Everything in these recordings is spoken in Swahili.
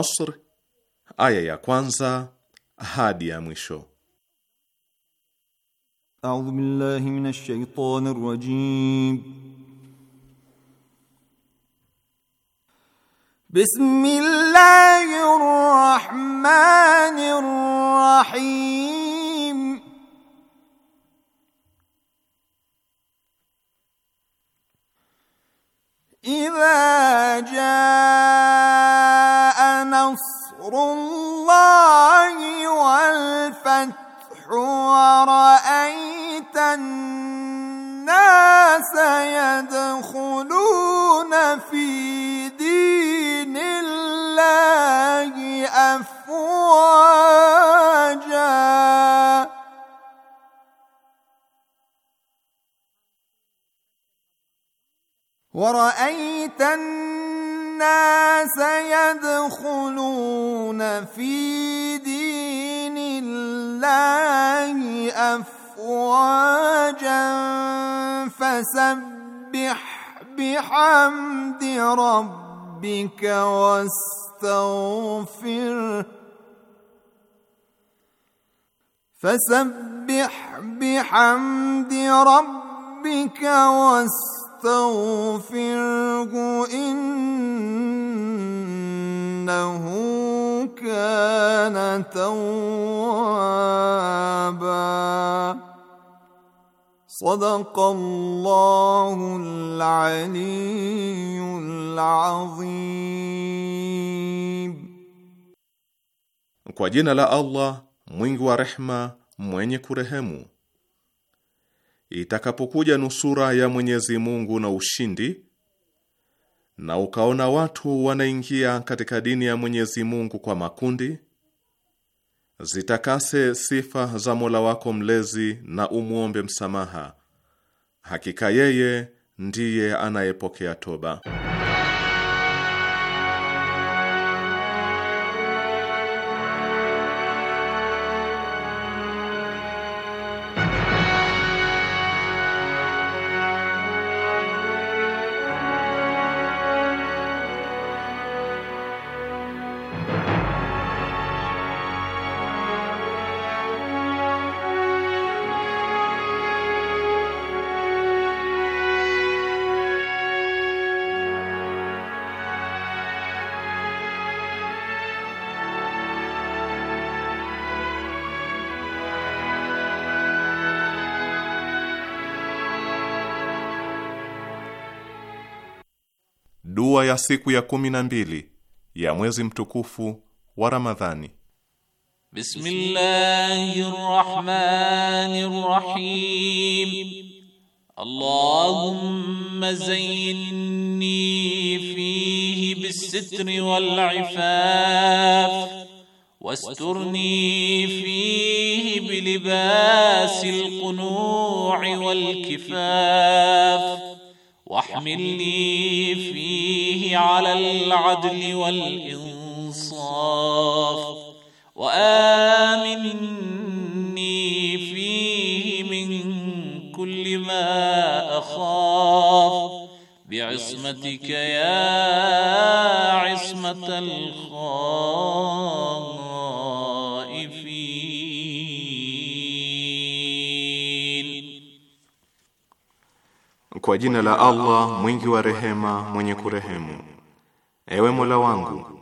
Asr aya ya kwanza hadi ya mwisho. A'udhu billahi minash shaitanir rajim. Bismillahir rahmanir rahim. سيدخلون في دين الله أفواجا ورأيت الناس يدخلون في دين الله أفواجا فسبح بحمد ربك واستغفر فسبح بحمد ربك واستغفره إنه كان توابا صدق الله العلي العظيم Kwa jina la Allah mwingi wa rehma mwenye kurehemu Itakapokuja nusura ya Mwenyezi Mungu na ushindi na ukaona watu wanaingia katika dini ya Mwenyezi Mungu kwa makundi zitakase sifa za Mola wako mlezi na umwombe msamaha. Hakika yeye ndiye anayepokea toba. ya siku ya kumi na mbili ya mwezi mtukufu wa Ramadhani. Bismillahir Rahmanir Rahim. Allahumma zayyinni fihi bis-sitri wal-'ifaf wasturni واسترني فيه بلباس القنوع والكفاف لي فيه على العدل والإنصاف وآمني فيه من كل ما أخاف بعصمتك يا عصمة الخاف Kwa jina la Allah mwingi wa rehema, mwenye kurehemu. Ewe Mola wangu,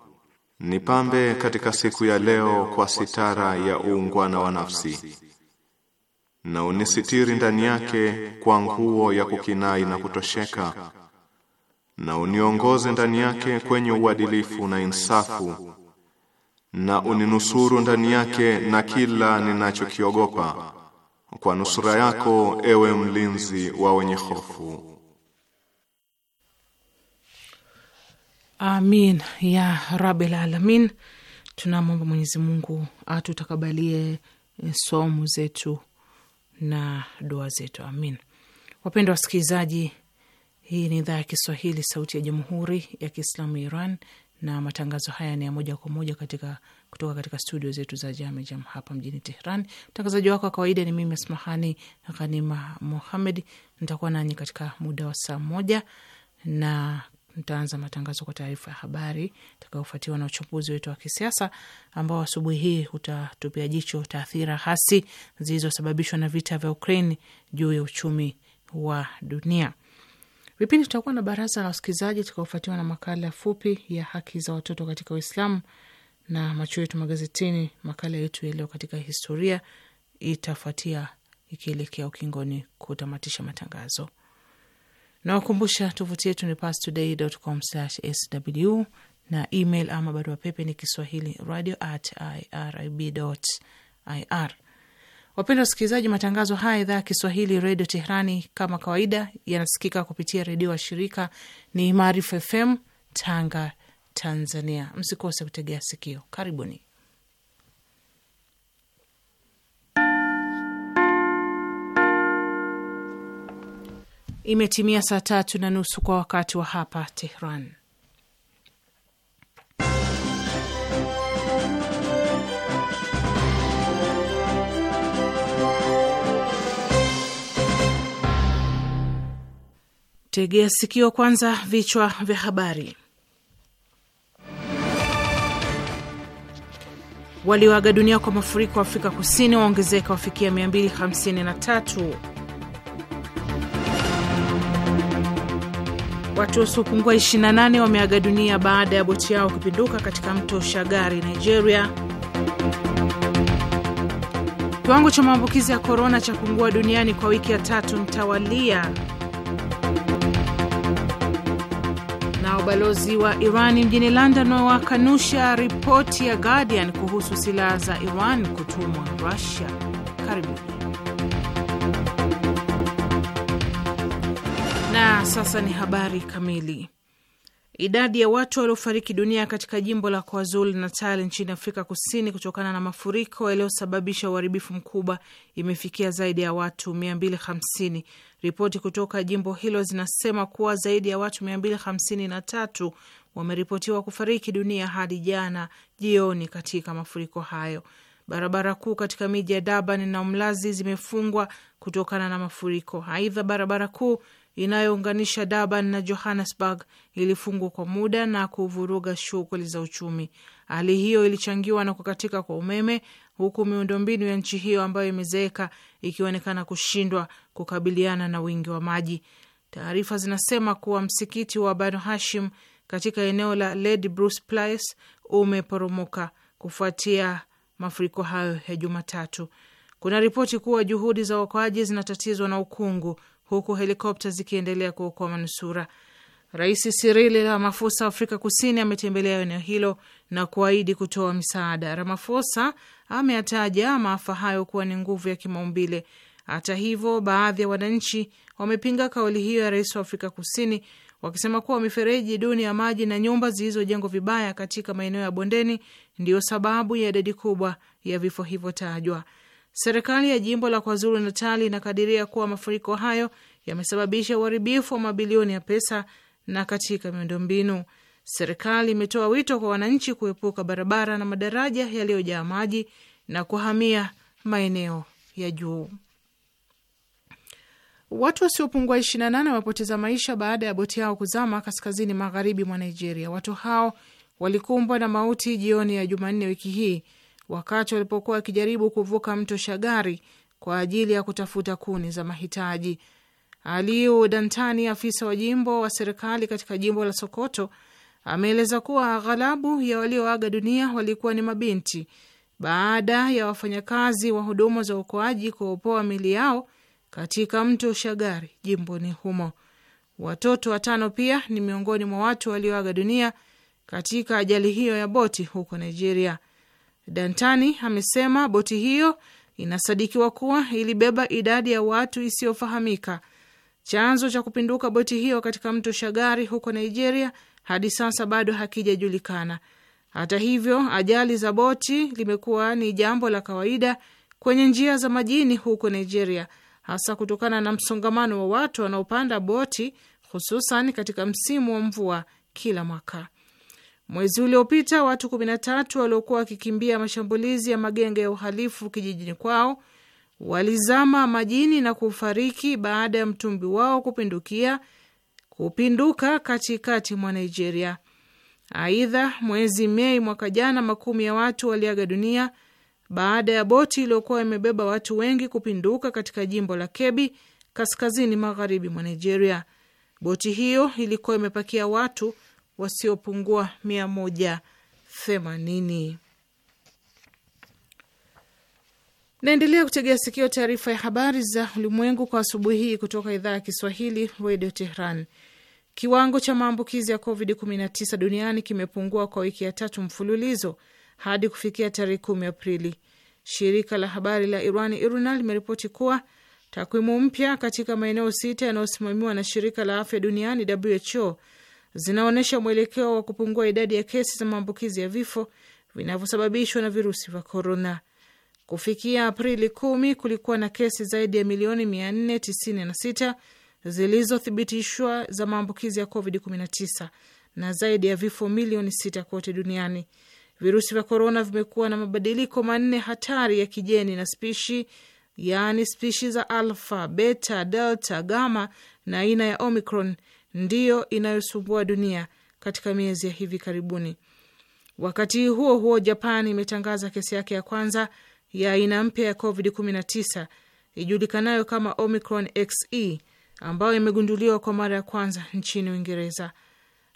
nipambe katika siku ya leo kwa sitara ya uungwana wa nafsi, na unisitiri ndani yake kwa nguo ya kukinai na kutosheka, na uniongoze ndani yake kwenye uadilifu na insafu, na uninusuru ndani yake na kila ninachokiogopa kwa nusura yako ewe mlinzi wa wenye hofu. Amin ya rabbil alamin. Tunamwomba Mwenyezi Mungu atutakabalie eh, somu zetu na dua zetu, amin. Wapendwa wasikilizaji, hii ni idhaa ya Kiswahili sauti ya jamhuri ya Kiislamu Iran, na matangazo haya ni ya moja kwa moja katika kutoka katika studio zetu za Jame Jam hapa mjini Tehran. Mtangazaji wako wa kawaida ni mimi Asmahani Ghanima Mohamed. Nitakuwa nanyi katika muda wa saa moja na nitaanza matangazo kwa taarifa ya habari itakayofuatiwa na uchambuzi wetu wa kisiasa ambao asubuhi hii utatupia jicho taathira hasi zilizosababishwa na vita vya Ukraine juu ya uchumi wa dunia. Vipindi tutakuwa na baraza la wasikilizaji itakayofuatiwa na makala fupi ya haki za watoto katika Uislamu na macho yetu magazetini. Makala yetu yaleo katika historia itafuatia ikielekea ukingoni kutamatisha matangazo. Nawakumbusha tovuti yetu ni pastoday.com/sw na email ama barua pepe ni kiswahili radio at irib.ir. Wapendwa wasikilizaji, matangazo haya idhaa ya Kiswahili redio Teherani kama kawaida yanasikika kupitia redio wa shirika ni Maarifa FM Tanga Tanzania. Msikose kutegea sikio. Karibuni. Imetimia saa tatu na nusu kwa wakati wa hapa Tehran. Tegea sikio kwanza, vichwa vya habari. Walioaga dunia kwa mafuriko wa Afrika Kusini waongezeka wafikia 253. Watu wasiopungua 28 wameaga dunia baada ya boti yao kupinduka katika mto Shagari, Nigeria. Kiwango cha maambukizi ya korona cha pungua duniani kwa wiki ya tatu mtawalia. Ubalozi wa Iran mjini London wakanusha ripoti ya Guardian kuhusu silaha za Iran kutumwa Russia. Karibuni na sasa ni habari kamili. Idadi ya watu waliofariki dunia katika jimbo la KwaZulu Natal nchini Afrika Kusini kutokana na mafuriko yaliyosababisha uharibifu mkubwa imefikia zaidi ya watu 250 Ripoti kutoka jimbo hilo zinasema kuwa zaidi ya watu 253 wameripotiwa kufariki dunia hadi jana jioni katika mafuriko hayo. Barabara kuu katika miji ya Durban na Umlazi zimefungwa kutokana na mafuriko. Aidha, barabara kuu inayounganisha Durban na Johannesburg ilifungwa kwa muda na kuvuruga shughuli za uchumi. Hali hiyo ilichangiwa na kukatika kwa umeme huku miundombinu ya nchi hiyo ambayo imezeeka ikionekana kushindwa kukabiliana na wingi wa maji. Taarifa zinasema kuwa msikiti wa Banu Hashim katika eneo la Lady Bruce Place umeporomoka kufuatia mafuriko hayo ya Jumatatu. Kuna ripoti kuwa juhudi za uokoaji zinatatizwa na ukungu, huku helikopta zikiendelea kuokoa manusura. Rais Cyril Ramaphosa wa Afrika Kusini ametembelea eneo hilo na kuahidi kutoa msaada. ramafosa ameyataja maafa hayo kuwa ni nguvu ya kimaumbile. Hata hivyo, baadhi ya wananchi wamepinga kauli hiyo ya rais wa Afrika Kusini wakisema kuwa mifereji duni ya maji na nyumba zilizojengwa vibaya katika maeneo ya bondeni ndiyo sababu ya idadi kubwa ya vifo hivyo tajwa. Serikali ya jimbo la KwaZulu Natali inakadiria kuwa mafuriko hayo yamesababisha uharibifu wa mabilioni ya pesa na katika miundombinu. Serikali imetoa wito kwa wananchi kuepuka barabara na madaraja yaliyojaa maji na kuhamia maeneo ya juu. Watu wasiopungua 28 wamepoteza maisha baada ya boti yao kuzama kaskazini magharibi mwa Nigeria. Watu hao walikumbwa na mauti jioni ya Jumanne wiki hii wakati walipokuwa wakijaribu kuvuka mto Shagari kwa ajili ya kutafuta kuni za mahitaji. Aliu Dantani, afisa wa jimbo wa serikali katika jimbo la Sokoto, ameeleza kuwa aghalabu ya walioaga dunia walikuwa ni mabinti baada ya wafanyakazi wa huduma za uokoaji kuopoa mili yao katika mto Shagari jimboni humo. Watoto watano pia ni miongoni mwa watu walioaga dunia katika ajali hiyo ya boti huko Nigeria. Dantani amesema boti hiyo inasadikiwa kuwa ilibeba idadi ya watu isiyofahamika. Chanzo cha kupinduka boti hiyo katika mto Shagari huko Nigeria hadi sasa bado hakijajulikana. Hata hivyo, ajali za boti limekuwa ni jambo la kawaida kwenye njia za majini huko Nigeria, hasa kutokana na msongamano wa watu wanaopanda boti, hususan katika msimu wa mvua kila mwaka. Mwezi uliopita watu kumi tatu waliokuwa wakikimbia mashambulizi ya magenge ya uhalifu kijijini kwao walizama majini na kufariki baada ya mtumbi wao kupindukia hupinduka katikati mwa Nigeria. Aidha, mwezi Mei mwaka jana, makumi ya watu waliaga dunia baada ya boti iliyokuwa imebeba watu wengi kupinduka katika jimbo la kebi kaskazini magharibi mwa Nigeria. Boti hiyo ilikuwa imepakia watu wasiopungua 180. Naendelea kutegea sikio taarifa ya habari za ulimwengu kwa asubuhi hii kutoka idhaa ya Kiswahili, redio Tehran. Kiwango cha maambukizi ya COVID-19 duniani kimepungua kwa wiki ya tatu mfululizo hadi kufikia tarehe kumi Aprili. Shirika la habari la Iran IRNA limeripoti kuwa takwimu mpya katika maeneo sita yanayosimamiwa na shirika la afya duniani WHO zinaonyesha mwelekeo wa kupungua idadi ya kesi za maambukizi ya vifo vinavyosababishwa na virusi vya korona. Kufikia Aprili kumi kulikuwa na kesi zaidi ya milioni 496 zilizothibitishwa za maambukizi ya COVID-19 na zaidi ya vifo milioni sita kote duniani. Virusi vya korona vimekuwa na mabadiliko manne hatari ya kijeni na spishi, yaani spishi za alfa, beta, delta, gama na aina ya Omicron ndiyo inayosumbua dunia katika miezi ya hivi karibuni. Wakati huo huo, Japan imetangaza kesi yake ya kwanza ya aina mpya ya COVID-19 ijulikanayo kama Omicron XE ambayo imegunduliwa kwa mara ya kwanza nchini Uingereza.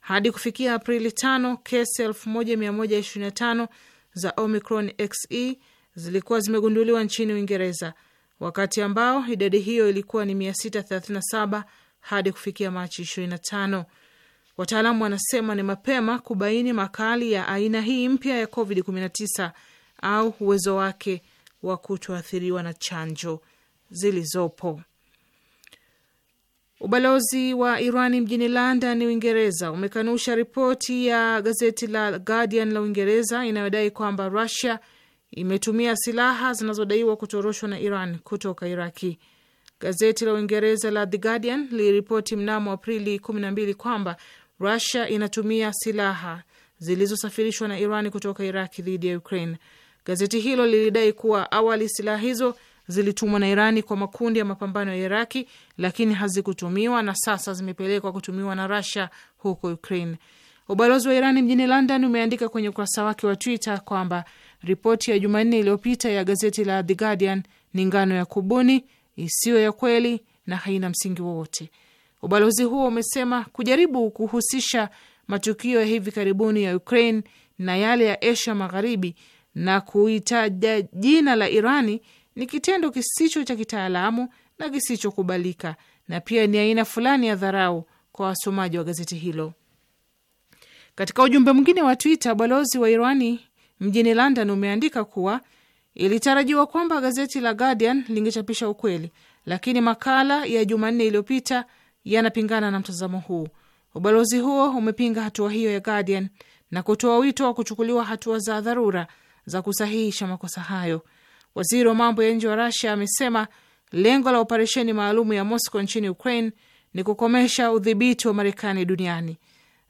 Hadi kufikia Aprili a kesi 1125 za Omicron XE zilikuwa zimegunduliwa nchini Uingereza, wakati ambao idadi hiyo ilikuwa ni 637 hadi kufikia Machi 25. Wataalamu wanasema ni mapema kubaini makali ya aina hii mpya ya COVID-19 au uwezo wake wa kutoathiriwa na chanjo zilizopo. Ubalozi wa Irani mjini London, Uingereza, umekanusha ripoti ya gazeti la Guardian la Uingereza inayodai kwamba Rusia imetumia silaha zinazodaiwa kutoroshwa na Iran kutoka Iraki. Gazeti la Uingereza la The Guardian liliripoti mnamo Aprili 12 kwamba Rusia inatumia silaha zilizosafirishwa na Iran kutoka Iraki dhidi ya Ukraine. Gazeti hilo lilidai kuwa awali silaha hizo zilitumwa na Irani kwa makundi ya mapambano ya Iraki, lakini hazikutumiwa na sasa zimepelekwa kutumiwa na Russia huko Ukraine. Ubalozi wa Irani mjini London umeandika kwenye ukurasa wake wa Twitter kwamba ripoti ya Jumanne iliyopita ya gazeti la The Guardian ni ngano ya kubuni isiyo ya kweli na haina msingi wowote. Ubalozi huo umesema kujaribu kuhusisha matukio ya hivi karibuni ya Ukraine na yale ya Asia Magharibi na kuitaja jina la Irani ni kitendo kisicho cha kitaalamu na kisichokubalika, na pia ni aina fulani ya dharau kwa wasomaji wa gazeti hilo. Katika ujumbe mwingine wa Twitter, balozi wa Irani mjini London umeandika kuwa ilitarajiwa kwamba gazeti la Guardian lingechapisha ukweli, lakini makala ya Jumanne iliyopita yanapingana na mtazamo huu. Ubalozi huo umepinga hatua hiyo ya Guardian na kutoa wito wa kuchukuliwa hatua za dharura za kusahihisha makosa hayo. Waziri wa mambo ya nje wa Rasia amesema lengo la operesheni maalumu ya Moscow nchini Ukraine ni kukomesha udhibiti wa Marekani duniani.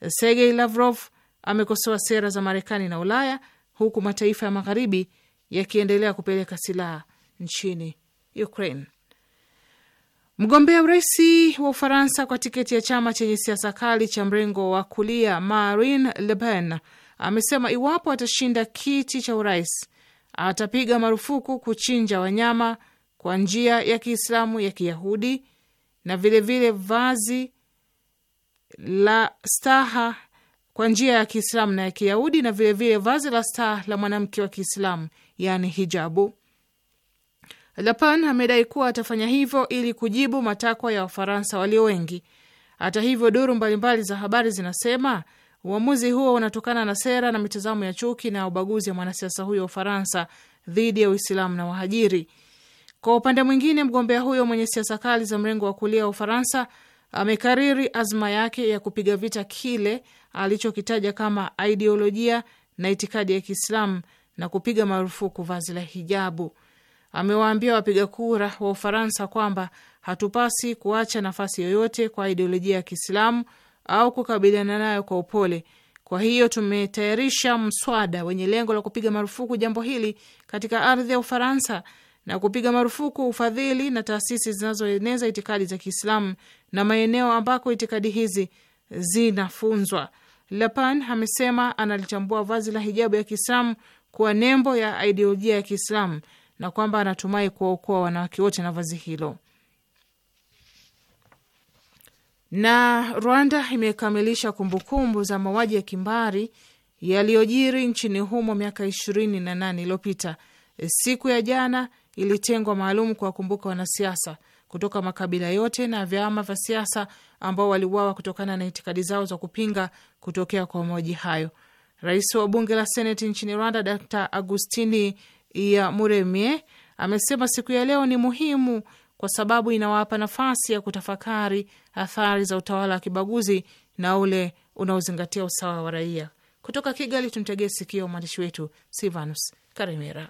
Sergei Lavrov amekosoa sera za Marekani na Ulaya, huku mataifa ya Magharibi yakiendelea kupeleka silaha nchini Ukraine. Mgombea urais wa Ufaransa kwa tiketi ya chama chenye siasa kali cha mrengo wa kulia Marine Le Pen amesema iwapo atashinda kiti cha urais atapiga marufuku kuchinja wanyama kwa njia ya Kiislamu ya Kiyahudi na vilevile vile vazi la staha kwa njia ya Kiislamu na ya Kiyahudi na vilevile vile vazi la staha la mwanamke wa Kiislamu yani hijabu. Lapan amedai kuwa atafanya hivyo ili kujibu matakwa ya Wafaransa walio wengi. Hata hivyo, duru mbalimbali za habari zinasema Uamuzi huo unatokana na sera na mitazamo ya chuki na ubaguzi ya mwanasiasa huyo wa Ufaransa dhidi ya Uislamu na wahajiri. Kwa upande mwingine, mgombea huyo mwenye siasa kali za mrengo wa kulia wa Ufaransa amekariri azma yake ya kupiga vita kile alichokitaja kama ideolojia na itikadi ya Kiislamu na kupiga marufuku vazi la hijabu. Amewaambia wapiga kura wa Ufaransa kwamba hatupasi kuacha nafasi yoyote kwa ideolojia ya Kiislamu au kukabiliana nayo kwa upole. Kwa hiyo tumetayarisha mswada wenye lengo la kupiga marufuku jambo hili katika ardhi ya Ufaransa na kupiga marufuku ufadhili na taasisi zinazoeneza itikadi za Kiislamu na maeneo ambako itikadi hizi zinafunzwa. Lapan amesema analitambua vazi la hijabu ya Kiislamu kuwa nembo ya idiolojia ya Kiislamu na kwamba anatumai kuwaokoa wanawake wote na vazi hilo. Na Rwanda imekamilisha kumbukumbu za mauaji ya kimbari yaliyojiri nchini humo miaka ishirini na nane iliyopita. Siku ya jana ilitengwa maalum kuwakumbuka wanasiasa kutoka makabila yote na vyama vya siasa ambao waliuawa kutokana na itikadi zao za kupinga kutokea kwa mauaji hayo. Rais wa bunge la seneti nchini Rwanda Dr Agustini Iyamuremye amesema siku ya leo ni muhimu kwa sababu inawapa nafasi ya kutafakari athari za utawala wa kibaguzi na ule unaozingatia usawa wa raia. Kutoka Kigali tumtegee sikio mwandishi wetu Silvanus Karimera.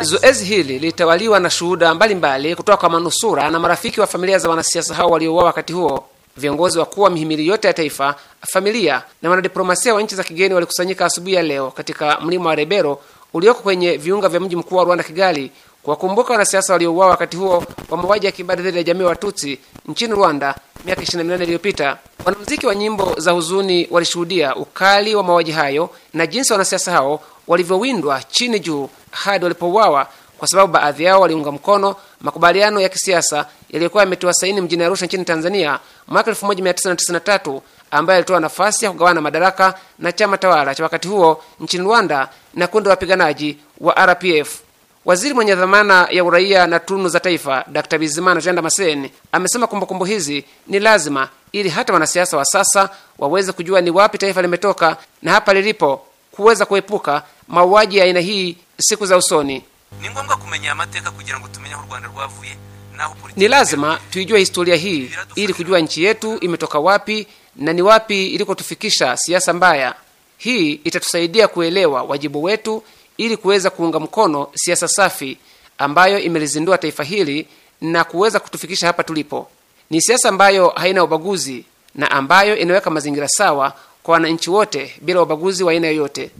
Zoezi hili lilitawaliwa na shuhuda mbalimbali kutoka kwa manusura na marafiki wa familia za wanasiasa hao waliouawa wakati huo Viongozi wakuu wa mihimili yote ya taifa, familia na wanadiplomasia wa nchi za kigeni walikusanyika asubuhi ya leo katika mlima wa Rebero ulioko kwenye viunga vya mji mkuu wa Rwanda, Kigali, kuwakumbuka wanasiasa waliouawa wakati huo wa mauaji ya kimbari dhidi ya jamii Watutsi nchini Rwanda miaka 28 iliyopita. Wanamuziki wa nyimbo za huzuni walishuhudia ukali wa mauaji hayo na jinsi wanasiasa hao walivyowindwa chini juu hadi walipouawa kwa sababu baadhi yao waliunga mkono makubaliano ya kisiasa yaliyokuwa yametiwa saini mjini Arusha nchini Tanzania mwaka 1993 ambayo yalitoa nafasi ya kugawana madaraka na chama tawala cha wakati huo nchini Rwanda na kundi la wapiganaji wa RPF. Waziri mwenye dhamana ya uraia na tunu za taifa Dr. Bizimana Jean Damascene amesema kumbukumbu hizi ni lazima ili hata wanasiasa wa sasa waweze kujua ni wapi taifa limetoka na hapa lilipo kuweza kuepuka mauaji ya aina hii siku za usoni. Ni ngombwa kumenya amateka kugira ngo tumenye aho Rwanda rwavuye naho politiki. Ni lazima tuijue historia hii ili kujua nchi yetu imetoka wapi na ni wapi ilikotufikisha siasa mbaya. Hii itatusaidia kuelewa wajibu wetu ili kuweza kuunga mkono siasa safi ambayo imelizindua taifa hili na kuweza kutufikisha hapa tulipo. Ni siasa ambayo haina ubaguzi na ambayo inaweka mazingira sawa kwa wananchi wote bila ubaguzi wa aina yoyote.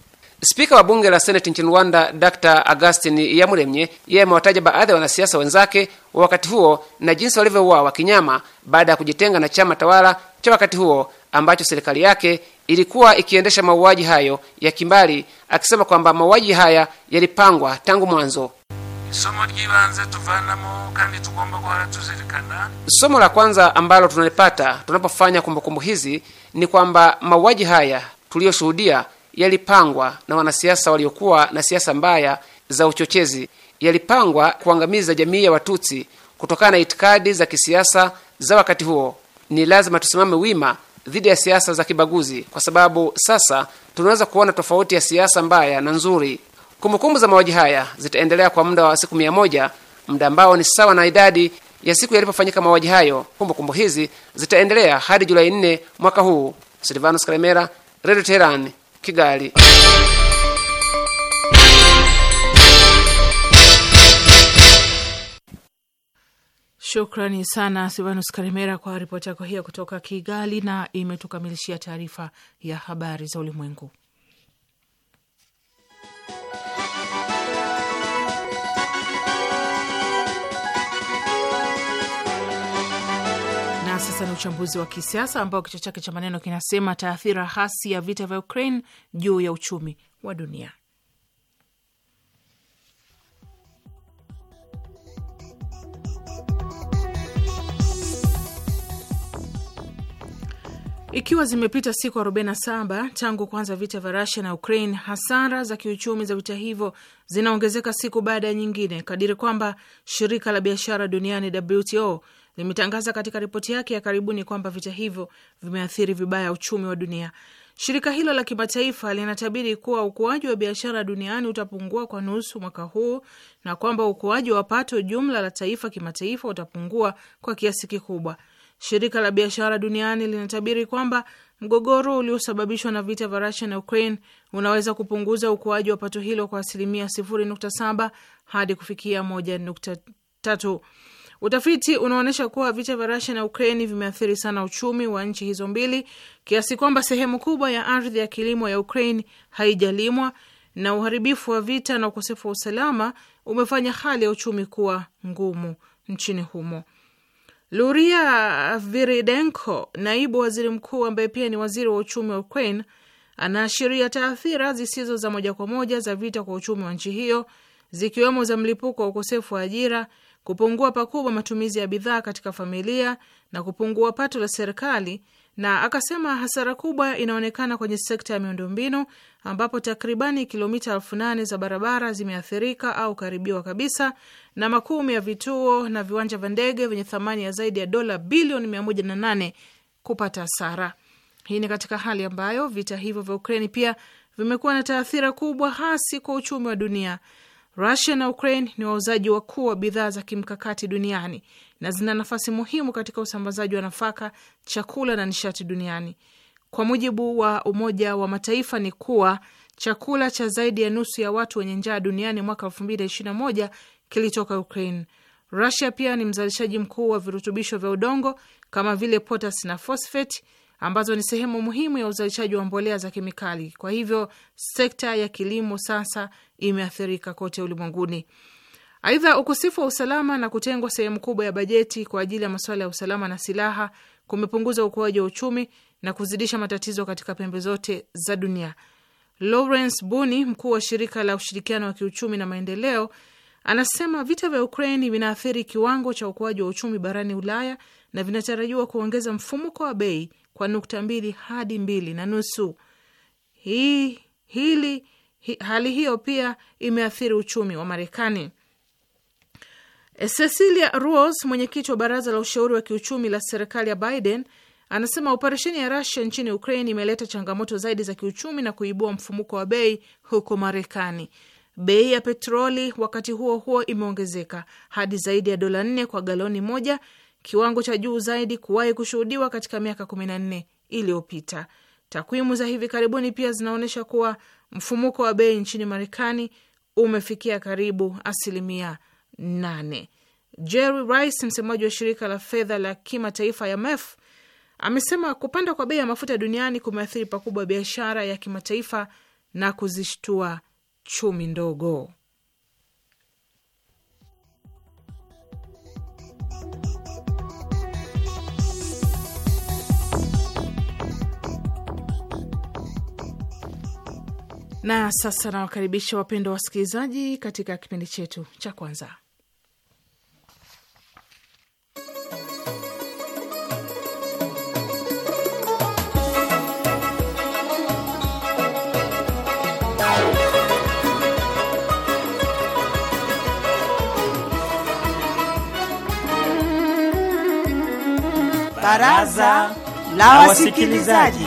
Spika wa bunge la seneti nchini Rwanda, Dr Augustin Yamuremye, yeye amewataja baadhi ya wanasiasa wenzake wa wakati huo na jinsi walivyouawa kinyama baada ya kujitenga na chama tawala cha wakati huo ambacho serikali yake ilikuwa ikiendesha mauaji hayo ya kimbali, akisema kwamba mauaji haya yalipangwa tangu mwanzo. Somo la kwanza ambalo tunalipata tunapofanya kumbukumbu hizi ni kwamba mauaji haya tuliyoshuhudia yalipangwa na wanasiasa waliokuwa na siasa mbaya za uchochezi, yalipangwa kuangamiza jamii ya Watutsi kutokana na itikadi za kisiasa za wakati huo. Ni lazima tusimame wima dhidi ya siasa za kibaguzi, kwa sababu sasa tunaweza kuona tofauti ya siasa mbaya na nzuri. Kumbukumbu za mauaji haya zitaendelea kwa muda wa siku mia moja, muda ambao ni sawa na idadi ya siku yalipofanyika mauaji hayo. Kumbukumbu hizi zitaendelea hadi Julai nne mwaka huu. Silvanus Kalemera, Redio Teherani. Kigali. Shukrani sana Silvanus Karimera kwa ripoti yako hiyo kutoka Kigali, na imetukamilishia taarifa ya habari za ulimwengu. sasa ni uchambuzi wa kisiasa ambao kichwa chake cha maneno kinasema taathira hasi ya vita vya Ukraine juu ya uchumi wa dunia. Ikiwa zimepita siku 47 tangu kuanza vita vya Rusia na Ukraine, hasara za kiuchumi za vita hivyo zinaongezeka siku baada ya nyingine, kadiri kwamba shirika la biashara duniani WTO limetangaza katika ripoti yake ya karibuni kwamba vita hivyo vimeathiri vibaya uchumi wa dunia. Shirika hilo la kimataifa linatabiri kuwa ukuaji wa biashara duniani utapungua kwa nusu mwaka huu na kwamba ukuaji wa pato jumla la taifa kimataifa utapungua kwa kiasi kikubwa. Shirika la biashara duniani linatabiri kwamba mgogoro uliosababishwa na vita vya Rusia na Ukraine unaweza kupunguza ukuaji wa pato hilo kwa asilimia 0.7 hadi kufikia 1.3. Utafiti unaonyesha kuwa vita vya Rusia na Ukraini vimeathiri sana uchumi wa nchi hizo mbili kiasi kwamba sehemu kubwa ya ardhi ya kilimo ya Ukraini haijalimwa na uharibifu wa vita na ukosefu wa usalama umefanya hali ya uchumi kuwa ngumu nchini humo. Luria Viridenko, naibu waziri mkuu ambaye pia ni waziri wa uchumi wa Ukraine, anaashiria taathira zisizo za moja kwa moja za vita kwa uchumi wa nchi hiyo, zikiwemo za mlipuko wa ukosefu wa ajira kupungua pakubwa matumizi ya bidhaa katika familia na kupungua pato la serikali, na akasema hasara kubwa inaonekana kwenye sekta ya miundombinu ambapo takribani kilomita elfu nane za barabara zimeathirika au karibiwa kabisa na makumi ya vituo na viwanja vya ndege vyenye thamani ya zaidi ya dola bilioni 108 kupata hasara. Hii ni katika hali ambayo vita hivyo vya Ukraini pia vimekuwa na taathira kubwa hasi kwa uchumi wa dunia Rusia na Ukraine ni wauzaji wakuu wa bidhaa za kimkakati duniani na zina nafasi muhimu katika usambazaji wa nafaka, chakula na nishati duniani. Kwa mujibu wa Umoja wa Mataifa ni kuwa chakula cha zaidi ya nusu ya watu wenye njaa duniani mwaka 221 kilitoka Ukraine. Rusia pia ni mzalishaji mkuu wa virutubisho vya udongo kama vile potas na fosfeti ambazo ni sehemu muhimu ya uzalishaji wa mbolea za kemikali. Kwa hivyo sekta ya kilimo sasa imeathirika kote ulimwenguni. Aidha, ukosefu wa usalama na kutengwa sehemu kubwa ya bajeti kwa ajili ya masuala ya usalama na silaha kumepunguza ukuaji wa uchumi na kuzidisha matatizo katika pembe zote za dunia. Lawrence Buni, mkuu wa shirika la ushirikiano wa kiuchumi na maendeleo, anasema vita vya Ukraini vinaathiri kiwango cha ukuaji wa uchumi barani Ulaya na vinatarajiwa kuongeza mfumuko wa bei kwa nukta mbili hadi mbili na nusu. Hii hili hi, hali hiyo pia imeathiri uchumi wa Marekani. Cecilia Roos, mwenyekiti wa baraza la ushauri wa kiuchumi la serikali ya Biden, anasema operesheni ya Rusia nchini Ukraine imeleta changamoto zaidi za kiuchumi na kuibua mfumuko wa bei huko Marekani. Bei ya petroli wakati huo huo imeongezeka hadi zaidi ya dola nne kwa galoni moja kiwango cha juu zaidi kuwahi kushuhudiwa katika miaka 14 iliyopita. Takwimu za hivi karibuni pia zinaonyesha kuwa mfumuko wa bei nchini Marekani umefikia karibu asilimia 8. Jerry Rice, msemaji wa shirika la fedha la kimataifa ya IMF, e amesema kupanda kwa bei ya mafuta duniani kumeathiri pakubwa biashara ya kimataifa na kuzishtua chumi ndogo. Na sasa nawakaribisha wapendwa wasikilizaji katika kipindi chetu cha kwanza Baraza la Wasikilizaji.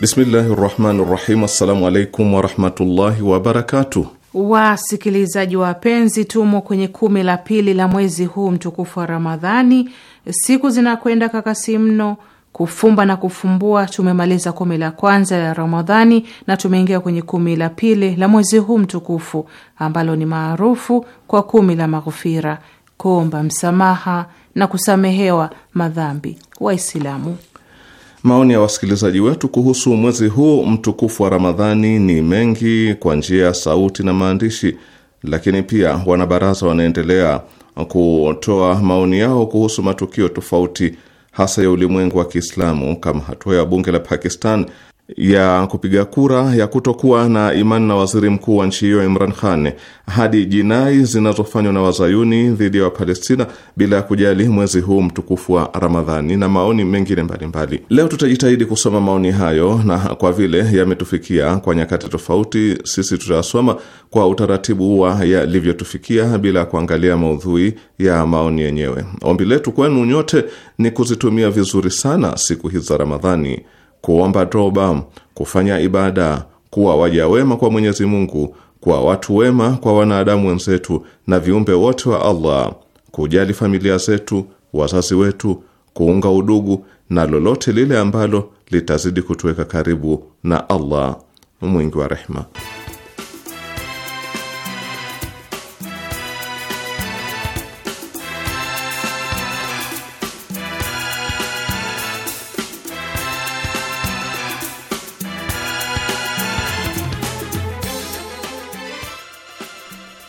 Bismillahi rahmani rahim. Assalamu alaikum warahmatullahi wabarakatuh. Wasikilizaji wapenzi, tumo kwenye kumi la pili la mwezi huu mtukufu wa Ramadhani, siku zinakwenda kakasi mno. Kufumba na kufumbua, tumemaliza kumi la kwanza la Ramadhani na tumeingia kwenye kumi la pili la mwezi huu mtukufu ambalo ni maarufu kwa kumi la maghufira kuomba msamaha na kusamehewa madhambi Waislamu Maoni ya wasikilizaji wetu kuhusu mwezi huu mtukufu wa Ramadhani ni mengi kwa njia ya sauti na maandishi, lakini pia wanabaraza wanaendelea kutoa maoni yao kuhusu matukio tofauti, hasa ya ulimwengu wa Kiislamu, kama hatua ya bunge la Pakistan ya kupiga kura ya kutokuwa na imani na waziri mkuu wa nchi hiyo Imran Khan hadi jinai zinazofanywa na wazayuni dhidi ya Wapalestina bila ya kujali mwezi huu mtukufu wa Ramadhani na maoni mengine mbalimbali. Leo tutajitahidi kusoma maoni hayo, na kwa vile yametufikia kwa nyakati tofauti, sisi tutayasoma kwa utaratibu wa yalivyotufikia bila ya kuangalia maudhui ya maoni yenyewe. Ombi letu kwenu nyote ni kuzitumia vizuri sana siku hizi za Ramadhani kuomba toba, kufanya ibada, kuwa waja wema kwa Mwenyezi Mungu, kwa watu wema, kwa wanadamu wenzetu na viumbe wote wa Allah, kujali familia zetu, wazazi wetu, kuunga udugu na lolote lile ambalo litazidi kutuweka karibu na Allah mwingi wa rehema.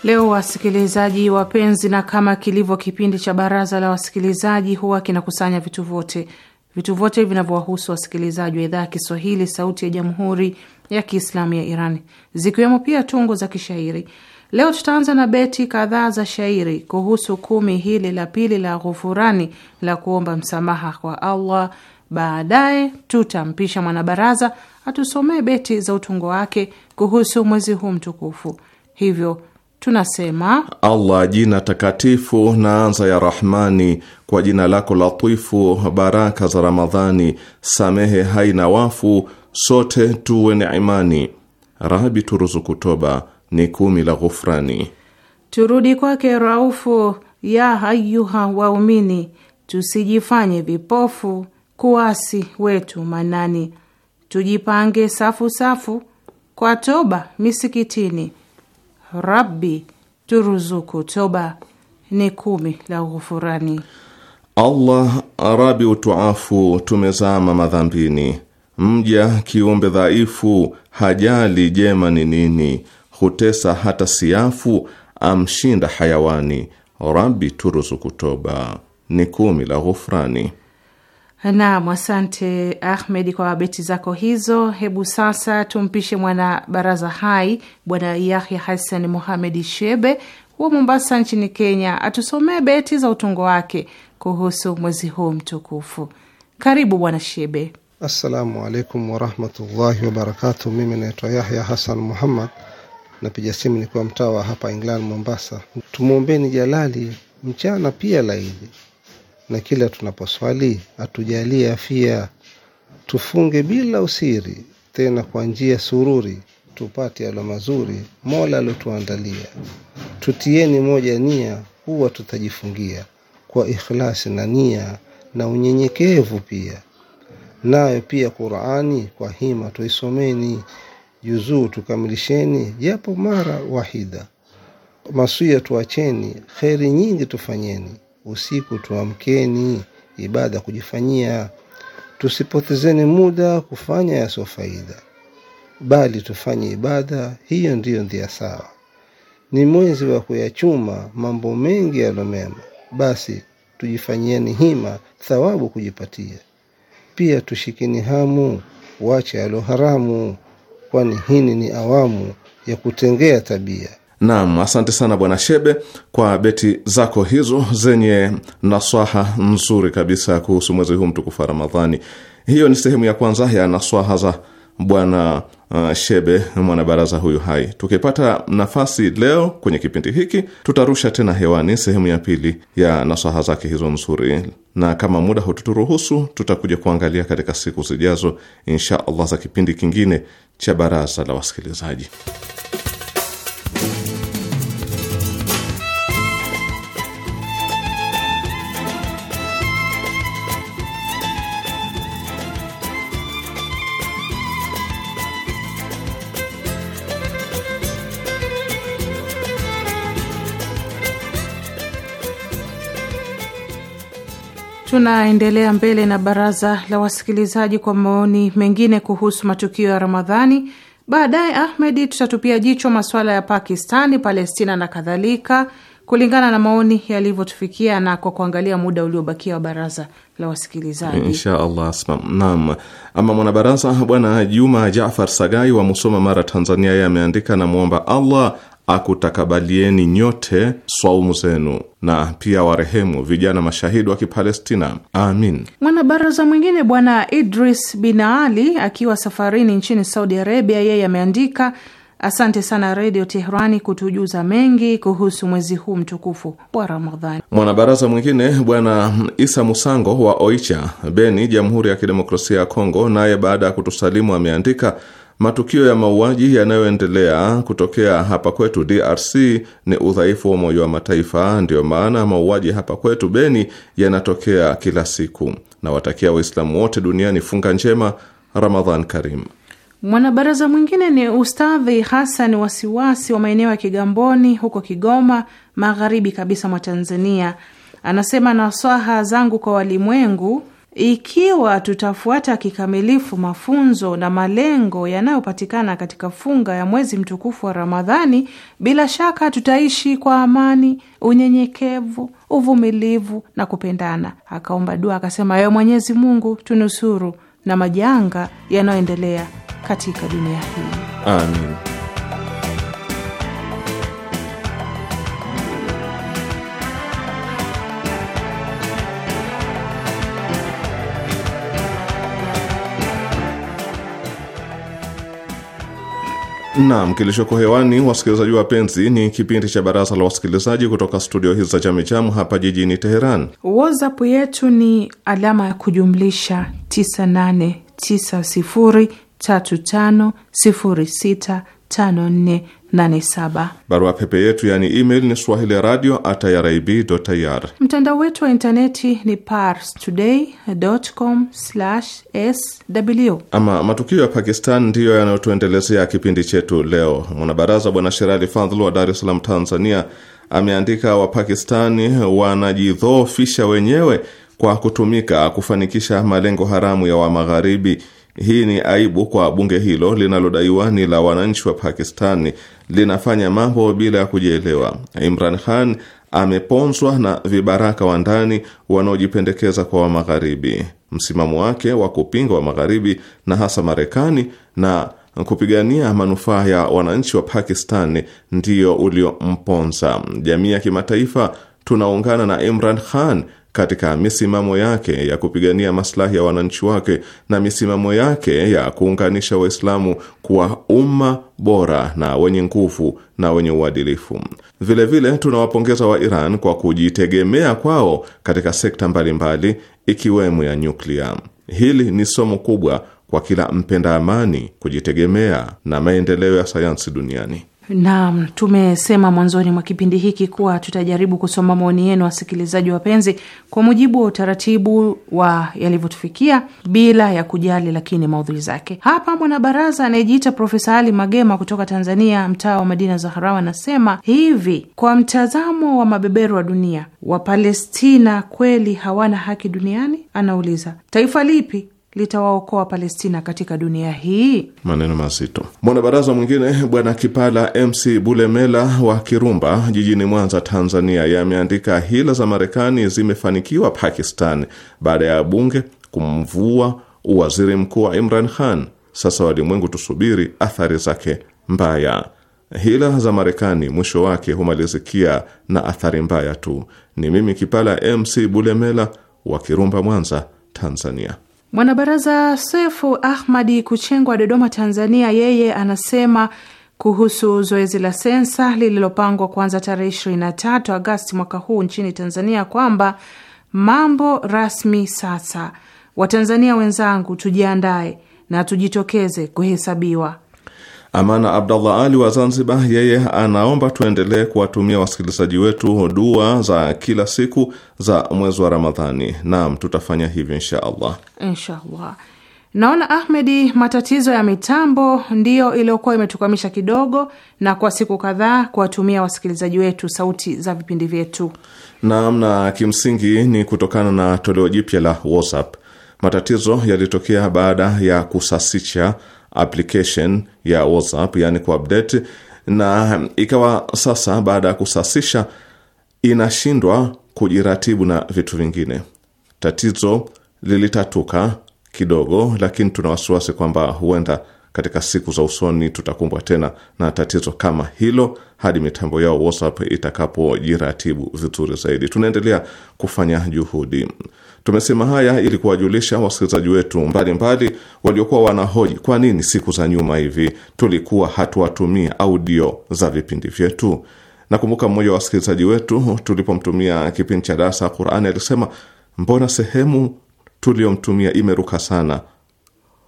Leo wasikilizaji wapenzi, na kama kilivyo kipindi cha baraza la wasikilizaji, huwa kinakusanya vitu vyote vitu vyote vinavyowahusu wasikilizaji wa idhaa ya Kiswahili sauti ya jamhuri ya Kiislamu ya Iran, zikiwemo pia tungo za kishairi. Leo tutaanza na beti kadhaa za shairi kuhusu kumi hili la pili la Ghufurani la kuomba msamaha kwa Allah. Baadaye tutampisha mwanabaraza atusomee beti za utungo wake kuhusu mwezi huu mtukufu. Hivyo Tunasema Allah jina takatifu na anza ya Rahmani, kwa jina lako latifu, baraka za Ramadhani, samehe haina wafu, sote tuwe ni imani. Rabi turuzuku toba ni kumi la ghufrani. Turudi kwake Raufu, ya ayuha waumini, tusijifanye vipofu, kuasi wetu manani, tujipange safu safu, kwa toba misikitini Rabbi turuzuku, toba ni kumi la ghufurani. Allah Rabi utuafu, tumezama madhambini. Mja kiumbe dhaifu, hajali jema ni nini, hutesa hata siafu, amshinda hayawani. Rabi turuzuku, toba ni kumi la ghufurani Nam, asante Ahmed kwa beti zako hizo. Hebu sasa tumpishe mwana baraza hai Bwana Yahya Hassan Muhamed Shebe wa Mombasa nchini Kenya, atusomee beti za utungo wake kuhusu mwezi huu mtukufu. Karibu Bwana Shebe. Assalamu alaikum warahmatullahi wabarakatu. Mimi naitwa Yahya Hassan Muhammad, napiga simu nikiwa mtaa wa hapa England, Mombasa. Tumwombeni Jalali mchana pia laili na kila tunaposwali atujalie afia, tufunge bila usiri, tena kwa njia sururi, tupate yalo mazuri Mola alotuandalia. Tutieni moja nia, huwa tutajifungia kwa ikhlasi na nia na unyenyekevu pia. Nayo pia Qurani kwa hima tuisomeni, juzuu tukamilisheni, japo mara wahida, masuya tuacheni, kheri nyingi tufanyeni usiku tuamkeni ibada kujifanyia tusipotezeni muda kufanya yasiofaida faida bali tufanye ibada hiyo ndiyo ndia sawa ni mwezi wa kuyachuma mambo mengi yalomema basi tujifanyieni hima thawabu kujipatia pia tushikini hamu wache yalo haramu kwani hini ni awamu ya kutengea tabia Naam, asante sana Bwana Shebe kwa beti zako hizo zenye naswaha nzuri kabisa kuhusu mwezi huu mtukufu wa Ramadhani. Hiyo ni sehemu ya kwanza ya naswaha za Bwana uh, Shebe, mwanabaraza huyu hai. Tukipata nafasi leo kwenye kipindi hiki, tutarusha tena hewani sehemu ya pili ya naswaha zake hizo nzuri, na kama muda hututuruhusu, tutakuja kuangalia katika siku zijazo, insha Allah, za kipindi kingine cha baraza la wasikilizaji. Tunaendelea mbele na baraza la wasikilizaji kwa maoni mengine kuhusu matukio ya Ramadhani. Baadaye Ahmedi, tutatupia jicho masuala ya Pakistani, Palestina na kadhalika kulingana na maoni yalivyotufikia na kwa kuangalia muda uliobakia wa baraza la wasikilizaji insha allah. Naam, ama mwanabaraza Bwana Juma Jafar Sagai wa Musoma, Mara, Tanzania, yeye ameandika, namwomba Allah akutakabalieni nyote swaumu zenu na pia warehemu vijana mashahidi wa Kipalestina, amin. Mwanabaraza mwingine Bwana Idris bin Ali akiwa safarini nchini Saudi Arabia, yeye ameandika Asante sana Redio Teherani kutujuza mengi kuhusu mwezi huu mtukufu wa Ramadhani. Mwanabaraza mwingine Bwana Isa Musango wa Oicha, Beni, Jamhuri ya Kidemokrasia ya Kongo, naye baada ya kutusalimu ameandika Matukio ya mauaji yanayoendelea kutokea hapa kwetu DRC ni udhaifu wa Umoja wa Mataifa. Ndiyo maana mauaji hapa kwetu Beni yanatokea kila siku. Nawatakia Waislamu wote duniani funga njema, Ramadhan Karim. Mwanabaraza mwingine ni Ustadhi Hasan Wasiwasi wa maeneo ya Kigamboni huko Kigoma, magharibi kabisa mwa Tanzania. Anasema, nasaha zangu kwa walimwengu ikiwa tutafuata kikamilifu mafunzo na malengo yanayopatikana katika funga ya mwezi mtukufu wa Ramadhani, bila shaka tutaishi kwa amani, unyenyekevu, uvumilivu na kupendana. Akaomba dua akasema, ewe Mwenyezi Mungu, tunusuru na majanga yanayoendelea katika dunia hii, amin. Naam, kilichoko hewani wasikilizaji wapenzi, ni kipindi cha baraza la wasikilizaji kutoka studio hizi za Chamichamu hapa jijini Teheran. WhatsApp yetu ni alama ya kujumlisha 9890350654 Barua pepe yetu yani email ni swahili radio at irib Mtandao wetu wa intaneti ni pars today com sw. Ama matukio ya Pakistan ndiyo yanayotuendelezea kipindi chetu leo. Mwanabaraza Bwana Sherali fadhl wa Dar es Salaam, Tanzania, ameandika Wapakistani wanajidhoofisha wenyewe kwa kutumika kufanikisha malengo haramu ya Wamagharibi hii ni aibu kwa bunge hilo linalodaiwa ni la wananchi wa Pakistani, linafanya mambo bila ya kujielewa. Imran Khan ameponzwa na vibaraka wa ndani wanaojipendekeza kwa wa Magharibi. Msimamo wake wa kupinga wa Magharibi na hasa Marekani na kupigania manufaa ya wananchi wa Pakistani ndiyo uliomponza jamii ya kimataifa. Tunaungana na Imran Khan katika misimamo yake ya kupigania maslahi ya wananchi wake na misimamo yake ya kuunganisha Waislamu kuwa umma bora na wenye nguvu na wenye uadilifu. Vilevile tunawapongeza wa Iran kwa kujitegemea kwao katika sekta mbalimbali ikiwemo ya nyuklia. Hili ni somo kubwa kwa kila mpenda amani, kujitegemea na maendeleo ya sayansi duniani. Naam, tumesema mwanzoni mwa kipindi hiki kuwa tutajaribu kusoma maoni yenu, wasikilizaji wapenzi, kwa mujibu wa utaratibu wa yalivyotufikia bila ya kujali lakini maudhui zake. Hapa mwanabaraza anayejiita Profesa Ali Magema kutoka Tanzania, mtaa wa Madina Zaharau, anasema hivi: kwa mtazamo wa mabeberu wa dunia, Wapalestina kweli hawana haki duniani? Anauliza taifa lipi litawaokoa Palestina katika dunia hii? Maneno mazito. Mwanabaraza mwingine Bwana Kipala MC Bulemela wa Kirumba jijini Mwanza, Tanzania, yameandika hila za Marekani zimefanikiwa Pakistan baada ya bunge kumvua uwaziri mkuu wa Imran Khan. Sasa walimwengu tusubiri athari zake mbaya. Hila za Marekani mwisho wake humalizikia na athari mbaya tu. Ni mimi Kipala MC Bulemela wa Kirumba, Mwanza, Tanzania. Mwanabaraza Sefu Ahmadi Kuchengwa, Dodoma, Tanzania, yeye anasema kuhusu zoezi la sensa lililopangwa kuanza tarehe ishirini tatu Agasti mwaka huu nchini Tanzania kwamba mambo rasmi sasa. Watanzania wenzangu, tujiandae na tujitokeze kuhesabiwa. Amana Abdallah Ali wa Zanzibar, yeye anaomba tuendelee kuwatumia wasikilizaji wetu dua za kila siku za mwezi wa Ramadhani. Naam, tutafanya hivyo insha Allah, insha Allah. Naona Ahmedi, matatizo ya mitambo ndiyo iliyokuwa imetukwamisha kidogo, na kwa siku kadhaa kuwatumia wasikilizaji wetu sauti za vipindi vyetu. Naam, na kimsingi ni kutokana na toleo jipya la WhatsApp. Matatizo yalitokea baada ya kusasisha application ya WhatsApp, yani kuupdate, na ikawa sasa baada ya kusasisha inashindwa kujiratibu na vitu vingine. Tatizo lilitatuka kidogo, lakini tuna wasiwasi kwamba huenda katika siku za usoni tutakumbwa tena na tatizo kama hilo hadi mitambo yao WhatsApp itakapojiratibu vizuri zaidi. Tunaendelea kufanya juhudi. Tumesema haya ili kuwajulisha wasikilizaji wetu mbalimbali waliokuwa wanahoji kwa nini siku za nyuma hivi tulikuwa hatuwatumii audio za vipindi vyetu. Nakumbuka mmoja wa wasikilizaji wetu tulipomtumia kipindi cha darasa ya Qur'ani alisema, mbona sehemu tuliyomtumia imeruka sana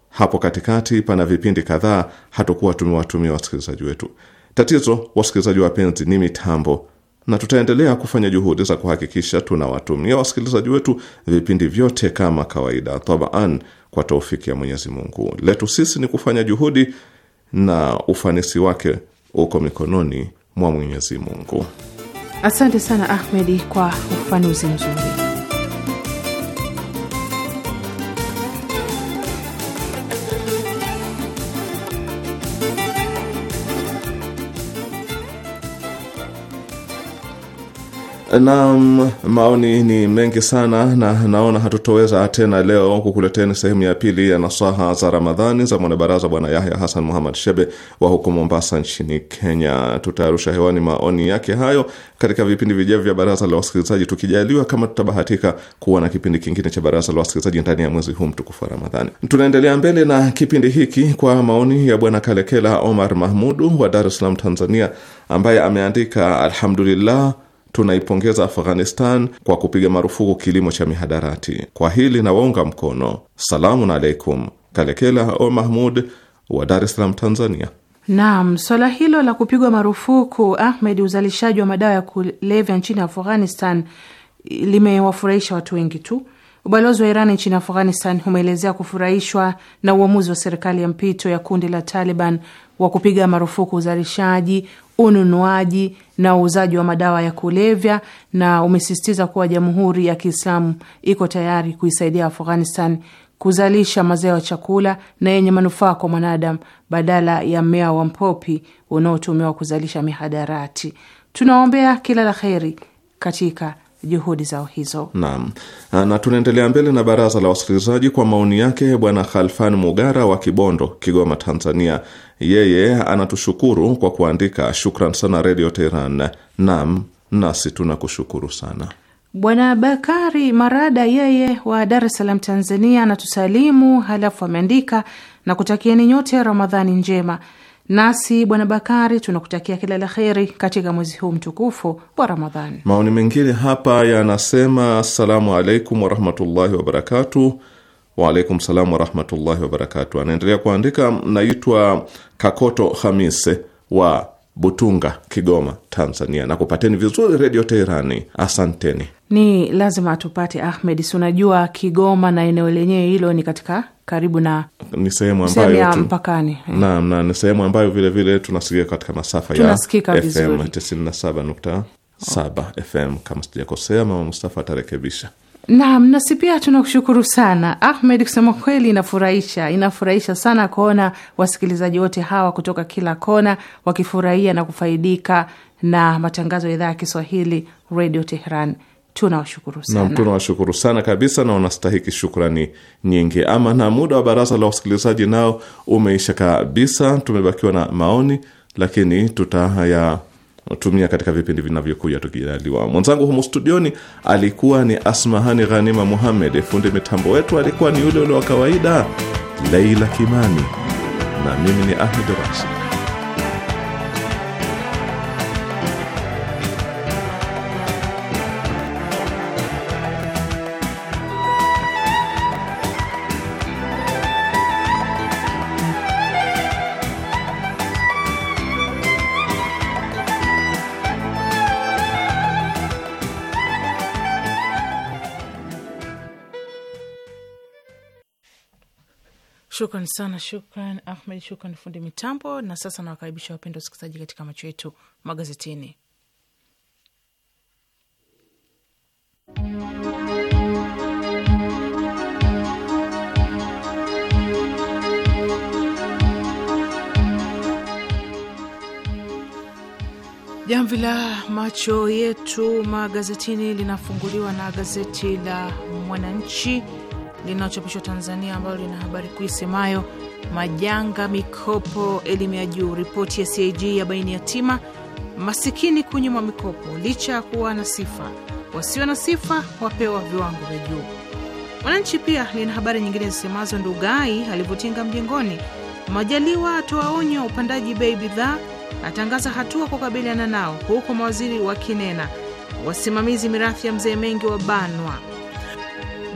hapo katikati pana vipindi kadhaa hatukuwa tumewatumia wasikilizaji wetu. Tatizo wasikilizaji wapenzi, ni mitambo na tutaendelea kufanya juhudi za kuhakikisha tunawatumia wasikilizaji wetu vipindi vyote kama kawaida tabaan, kwa taufiki ya Mwenyezi Mungu. Letu sisi ni kufanya juhudi na ufanisi wake uko mikononi mwa Mwenyezi Mungu. Asante sana Ahmedi kwa ufanuzi mzuri. Naam, maoni ni mengi sana na naona hatutoweza tena leo kukuleteni sehemu ya pili ya nasaha za Ramadhani za mwanabaraza Bwana Yahya Hasan Muhammad Shebe wa huko Mombasa nchini Kenya. Tutayarusha hewani maoni yake hayo katika vipindi vijavyo vya baraza la wasikilizaji, tukijaliwa, kama tutabahatika kuwa na kipindi kingine cha baraza la wasikilizaji ndani ya mwezi huu mtukufu wa Ramadhani. Tunaendelea mbele na kipindi hiki kwa maoni ya Bwana Kalekela Omar Mahmudu wa Dar es Salaam, Tanzania, ambaye ameandika alhamdulillah tunaipongeza Afghanistan kwa kupiga marufuku kilimo cha mihadarati. Kwa hili nawaunga waunga mkono. Salamun alaikum. Kalekela O Mahmud wa Dar es Salaam, Tanzania. Naam, swala hilo la kupigwa marufuku Ahmed uzalishaji wa madawa ya kulevya nchini Afghanistan limewafurahisha watu wengi tu. Ubalozi wa Irani nchini Afghanistan umeelezea kufurahishwa na uamuzi wa serikali ya mpito ya kundi la Taliban wa kupiga marufuku uzalishaji, ununuaji na uuzaji wa madawa ya kulevya na umesisitiza kuwa Jamhuri ya Kiislamu iko tayari kuisaidia Afghanistan kuzalisha mazao ya chakula na yenye manufaa kwa mwanadamu badala ya mmea wa mpopi unaotumiwa kuzalisha mihadarati. Tunaombea kila la heri katika juhudi zao hizo. Naam, ah, na tunaendelea mbele na baraza la wasikilizaji kwa maoni yake Bwana Khalfan Mugara wa Kibondo, Kigoma, Tanzania. Yeye anatushukuru kwa kuandika, shukran sana Redio Teheran. Naam, nasi tunakushukuru sana. Bwana Bakari Marada yeye wa Dar es Salaam, Tanzania, anatusalimu halafu ameandika na kutakieni nyote Ramadhani njema Nasi Bwana Bakari tunakutakia kila la kheri katika mwezi huu mtukufu wa Ramadhani. Maoni mengine hapa yanasema, assalamu alaikum warahmatullahi wabarakatu. Waalaikum salamu warahmatullahi wabarakatu. Anaendelea kuandika, naitwa Kakoto Hamise wa Butunga, Kigoma, Tanzania. Na kupateni vizuri Redio Teherani, asanteni. Ni lazima tupate Ahmed, si unajua Kigoma na eneo lenyewe hilo ni katika karibu na ni sehemu ambayo mpakani na ni sehemu ambayo vilevile tunasikika tunasikia katika masafa tunasikika ya FM 97.7 FM kama sijakosea, Mama Mustafa atarekebisha. Naam, nasi pia tunakushukuru sana Ahmed. Kusema kweli, inafurahisha inafurahisha sana kuona wasikilizaji wote hawa kutoka kila kona wakifurahia na kufaidika na matangazo ya idhaa ya Kiswahili Radio Tehran. Tunawashukuru sana, tunawashukuru sana kabisa, na wanastahiki shukrani nyingi. Ama na muda wa baraza la wasikilizaji nao umeisha kabisa, tumebakiwa na maoni, lakini tutaya tumia katika vipindi vinavyokuja tukijaliwa. Mwenzangu humu studioni alikuwa ni Asmahani Ghanima Muhammed, fundi mitambo wetu alikuwa ni yule ule wa kawaida Leila Kimani, na mimi ni Ahmed Rashid. Shukran sana, shukran Ahmed, shukran fundi mitambo. Na sasa nawakaribisha wapendwa wasikilizaji katika macho yetu magazetini. Jamvi la macho yetu magazetini linafunguliwa na gazeti la Mwananchi linalochapishwa Tanzania ambalo lina habari kuu isemayo majanga mikopo elimu ya juu, ripoti ya CAG ya baini yatima masikini kunyimwa mikopo licha ya kuwa na sifa, wasio na sifa wapewa viwango vya juu. Mwananchi pia lina habari nyingine zisemazo Ndugai alivyotinga mjengoni, Majaliwa atoa onyo upandaji bei bidhaa, atangaza hatua kukabiliana nao, huku mawaziri wakinena, wasimamizi mirathi ya mzee Mengi wa banwa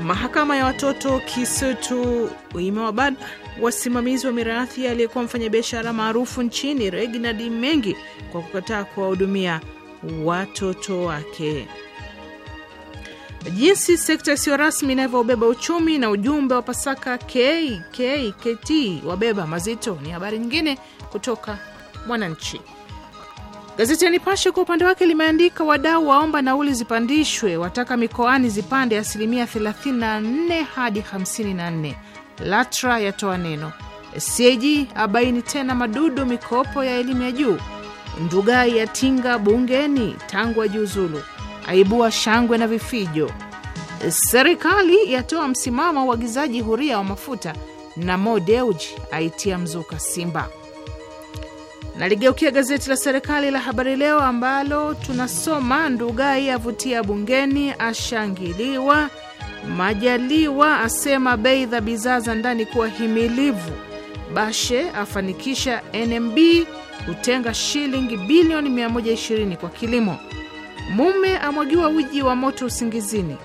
Mahakama ya watoto Kisutu imewabana wasimamizi wa mirathi aliyekuwa mfanyabiashara maarufu nchini Reginald Mengi kwa kukataa kuwahudumia watoto wake. Jinsi sekta isiyo rasmi inavyobeba uchumi na ujumbe wa Pasaka KKKT wabeba mazito ni habari nyingine kutoka Mwananchi. Gazeti ya Nipashe kwa upande wake limeandika wadau waomba nauli zipandishwe, wataka mikoani zipande asilimia 34 hadi 54. LATRA yatoa neno, CAG abaini tena madudu mikopo ya elimu ya juu, Ndugai yatinga bungeni tangu ajiuzulu, aibua shangwe na vifijo, serikali yatoa msimamo wa uagizaji huria wa mafuta na Mo Dewji aitia mzuka Simba. Naligeukia gazeti la serikali la Habari Leo ambalo tunasoma Ndugai avutia bungeni, ashangiliwa. Majaliwa asema bei za bidhaa za ndani kuwa himilivu. Bashe afanikisha NMB kutenga shilingi bilioni 120 kwa kilimo. Mume amwagiwa uji wa moto usingizini.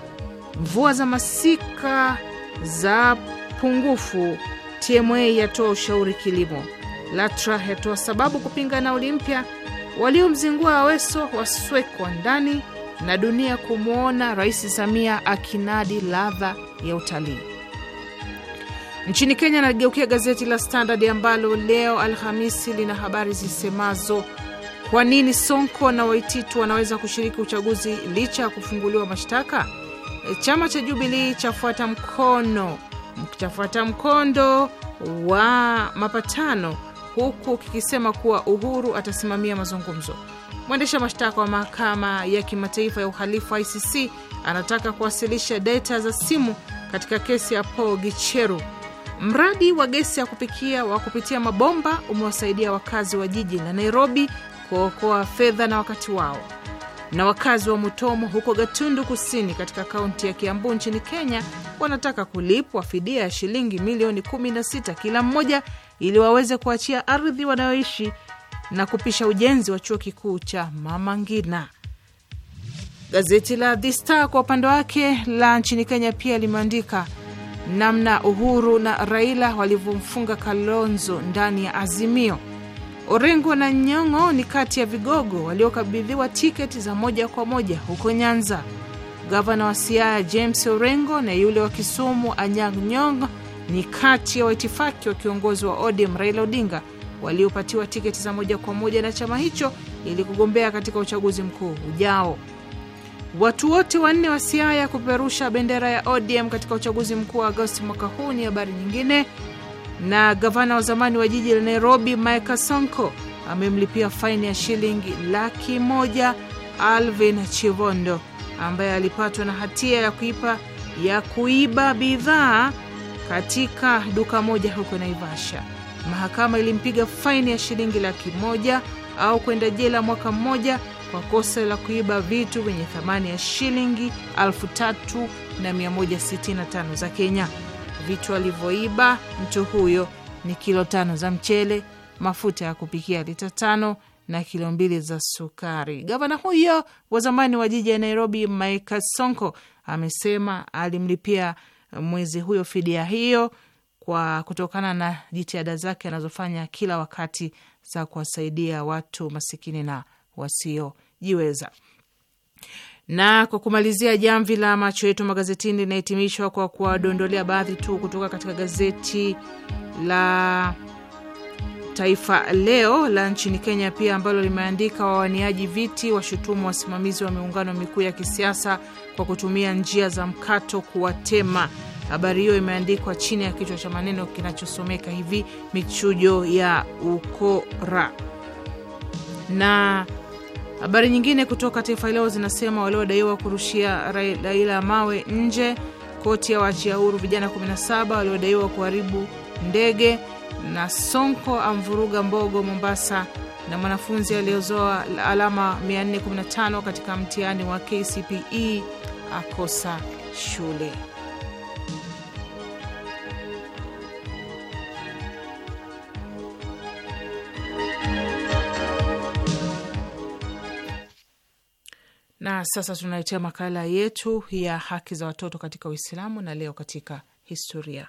Mvua za masika za pungufu. TMA yatoa ushauri kilimo. LATRA yatoa sababu kupinga nauli mpya, waliomzingua Aweso waswekwa ndani, na dunia kumwona Rais Samia akinadi ladha ya utalii. Nchini Kenya, anageukia gazeti la Standard ambalo leo Alhamisi lina habari zisemazo kwa nini Sonko na Waititu wanaweza kushiriki uchaguzi licha ya kufunguliwa mashtaka. Chama cha Jubilii chafuata mkono chafuata mkondo wa mapatano huku kikisema kuwa Uhuru atasimamia mazungumzo. Mwendesha mashtaka wa mahakama ya kimataifa ya uhalifu ICC anataka kuwasilisha data za simu katika kesi ya Paul Gicheru. Mradi wa gesi ya kupikia wa kupitia mabomba umewasaidia wakazi wa jiji la Nairobi kuokoa fedha na wakati wao. Na wakazi wa Mutomo huko Gatundu Kusini katika kaunti ya Kiambu nchini Kenya wanataka kulipwa fidia ya shilingi milioni 16 kila mmoja ili waweze kuachia ardhi wanayoishi na kupisha ujenzi wa chuo kikuu cha Mama Ngina. Gazeti la The Star kwa upande wake la nchini Kenya pia limeandika namna Uhuru na Raila walivyomfunga Kalonzo ndani ya Azimio. Orengo na Nyong'o ni kati ya vigogo waliokabidhiwa tiketi za moja kwa moja huko Nyanza. Gavana wa Siaya James Orengo na yule wa Kisumu Anyang' Nyong'o ni kati ya waitifaki wa kiongozi wa ODM Raila Odinga waliopatiwa tiketi za moja kwa moja na chama hicho ili kugombea katika uchaguzi mkuu ujao. Watu wote wanne wa Siaya kupeperusha bendera ya ODM katika uchaguzi mkuu wa Agosti mwaka huu ni habari nyingine. Na gavana wa zamani wa jiji la Nairobi Mike Sonko amemlipia faini ya shilingi laki moja Alvin Chivondo ambaye alipatwa na hatia ya kuipa ya kuiba bidhaa katika duka moja huko Naivasha. Mahakama ilimpiga faini ya shilingi laki moja au kwenda jela mwaka mmoja kwa kosa la kuiba vitu vyenye thamani ya shilingi elfu tatu na 165 za Kenya. Vitu alivyoiba mtu huyo ni kilo tano za mchele, mafuta ya kupikia lita tano na kilo mbili za sukari. Gavana huyo wa zamani wa jiji ya Nairobi, Mike Sonko, amesema alimlipia mwezi huyo fidia hiyo kwa kutokana na jitihada zake anazofanya kila wakati za kuwasaidia watu masikini na wasiojiweza. Na kwa kumalizia, jamvi la macho yetu magazetini linahitimishwa kwa kuwadondolea baadhi tu kutoka katika gazeti la Taifa Leo la nchini Kenya pia ambalo limeandika wawaniaji viti washutumu wasimamizi wa miungano mikuu ya kisiasa kwa kutumia njia za mkato kuwatema. Habari hiyo imeandikwa chini ya kichwa cha maneno kinachosomeka hivi michujo ya ukora. Na habari nyingine kutoka Taifa Leo zinasema waliodaiwa kurushia Raila mawe nje, koti ya waachia huru vijana 17 waliodaiwa kuharibu ndege, na Sonko amvuruga Mbogo Mombasa, na mwanafunzi aliyozoa alama 415 katika mtihani wa KCPE akosa shule. Na sasa tunaletea makala yetu ya haki za watoto katika Uislamu na leo katika historia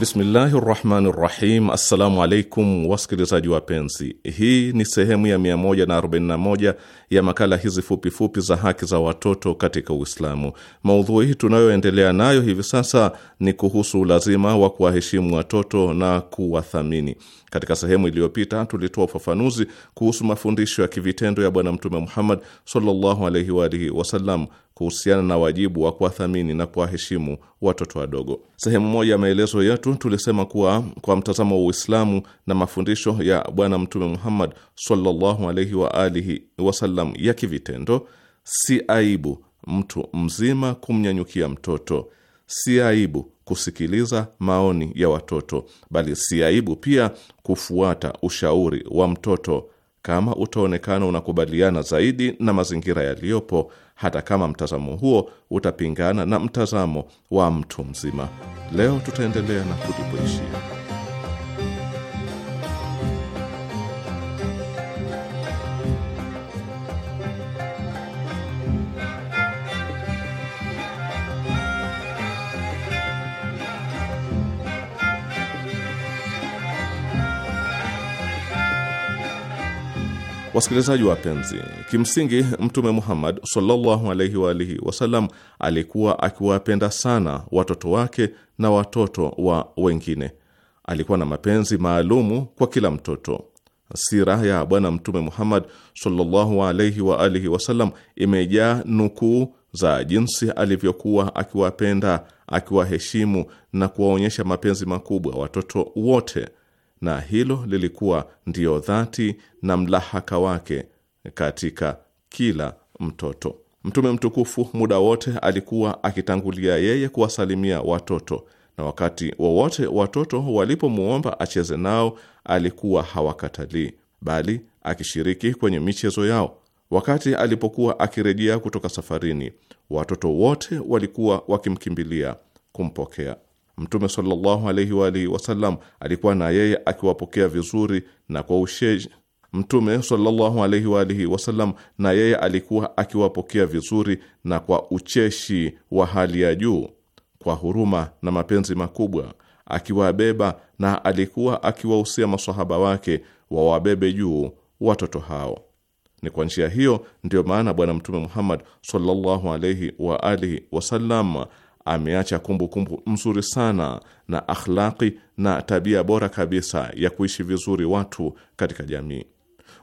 Bismillahi rahmani rahim. Assalamu alaikum wasikilizaji wapenzi, hii ni sehemu ya 141 ya makala hizi fupifupi fupi za haki za watoto katika Uislamu. Maudhui tunayoendelea nayo hivi sasa ni kuhusu ulazima wa kuwaheshimu watoto na kuwathamini. Katika sehemu iliyopita tulitoa ufafanuzi kuhusu mafundisho ya kivitendo ya Bwana Mtume Muhammad sallallahu alaihi wa alihi wasallam kuhusiana na wajibu wa kuwathamini na kuwaheshimu watoto wadogo. Sehemu moja ya maelezo yetu tulisema kuwa kwa mtazamo wa Uislamu na mafundisho ya Bwana Mtume Muhammad sallallahu alaihi wa alihi wasallam ya kivitendo, si aibu mtu mzima kumnyanyukia mtoto, si aibu kusikiliza maoni ya watoto, bali si aibu pia kufuata ushauri wa mtoto kama utaonekana unakubaliana zaidi na mazingira yaliyopo hata kama mtazamo huo utapingana na mtazamo wa mtu mzima. Leo tutaendelea na kulipoishia. Wasikilizaji wapenzi, kimsingi Mtume Muhammad sallallahu alaihi wa alihi wasallam alikuwa akiwapenda sana watoto wake na watoto wa wengine. Alikuwa na mapenzi maalumu kwa kila mtoto. Sira ya Bwana Mtume Muhammad sallallahu alaihi wa alihi wasallam imejaa nukuu za jinsi alivyokuwa akiwapenda, akiwaheshimu na kuwaonyesha mapenzi makubwa watoto wote na hilo lilikuwa ndiyo dhati na mlahaka wake katika kila mtoto. Mtume mtukufu muda wote alikuwa akitangulia yeye kuwasalimia watoto, na wakati wowote watoto walipomwomba acheze nao alikuwa hawakatalii, bali akishiriki kwenye michezo yao. Wakati alipokuwa akirejea kutoka safarini, watoto wote walikuwa wakimkimbilia kumpokea. Mtume sallallahu alaihi wa alihi wasallam alikuwa na yeye akiwapokea vizuri na kwa usheji. Mtume sallallahu alaihi wa alihi wasallam na yeye alikuwa akiwapokea vizuri na kwa ucheshi wa hali ya juu, kwa huruma na mapenzi makubwa, akiwabeba na alikuwa akiwahusia masahaba wake wawabebe juu watoto hao. Ni kwa njia hiyo ndiyo maana Bwana Mtume Muhammad sallallahu alaihi wa alihi wasallam ameacha kumbukumbu nzuri sana na akhlaqi na tabia bora kabisa ya kuishi vizuri watu katika jamii.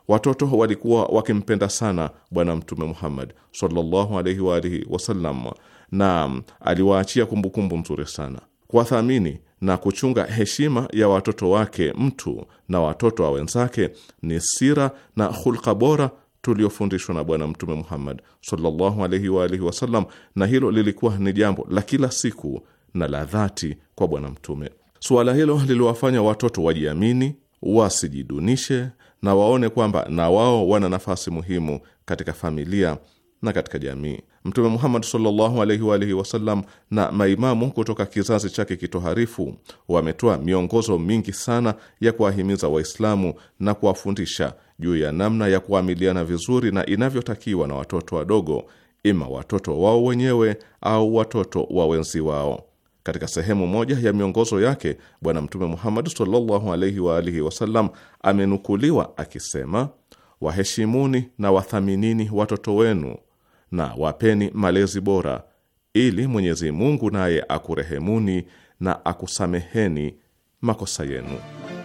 Watoto walikuwa wakimpenda sana Bwana Mtume Muhammad sallallahu alaihi wa alihi wasallam, na aliwaachia kumbukumbu nzuri sana. Kuwathamini na kuchunga heshima ya watoto wake mtu na watoto wa wenzake ni sira na hulka bora tuliofundishwa na Bwana Mtume Muhammad sallallahu alaihi wa alihi wasallam, na hilo lilikuwa ni jambo la kila siku na la dhati kwa Bwana Mtume. Suala hilo liliwafanya watoto wajiamini, wasijidunishe na waone kwamba na wao wana nafasi muhimu katika familia na katika jamii. Mtume Muhammad sallallahu alaihi wa alihi wasallam na maimamu kutoka kizazi chake kitoharifu wametoa miongozo mingi sana ya kuwahimiza Waislamu na kuwafundisha juu ya namna ya kuamiliana vizuri na inavyotakiwa na watoto wadogo, ima watoto wao wenyewe au watoto wa wenzi wao. Katika sehemu moja ya miongozo yake, Bwana Mtume Muhammad sallallahu alaihi wa alihi wasallam amenukuliwa akisema, waheshimuni na wathaminini watoto wenu na wapeni malezi bora, ili Mwenyezi Mungu naye akurehemuni na akusameheni makosa yenu.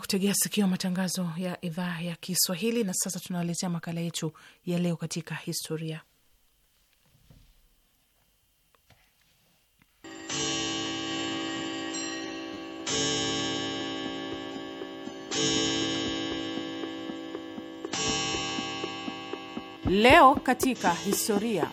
kutegea sikio matangazo ya idhaa ya Kiswahili, na sasa tunawaletea makala yetu ya leo katika historia. Leo katika historia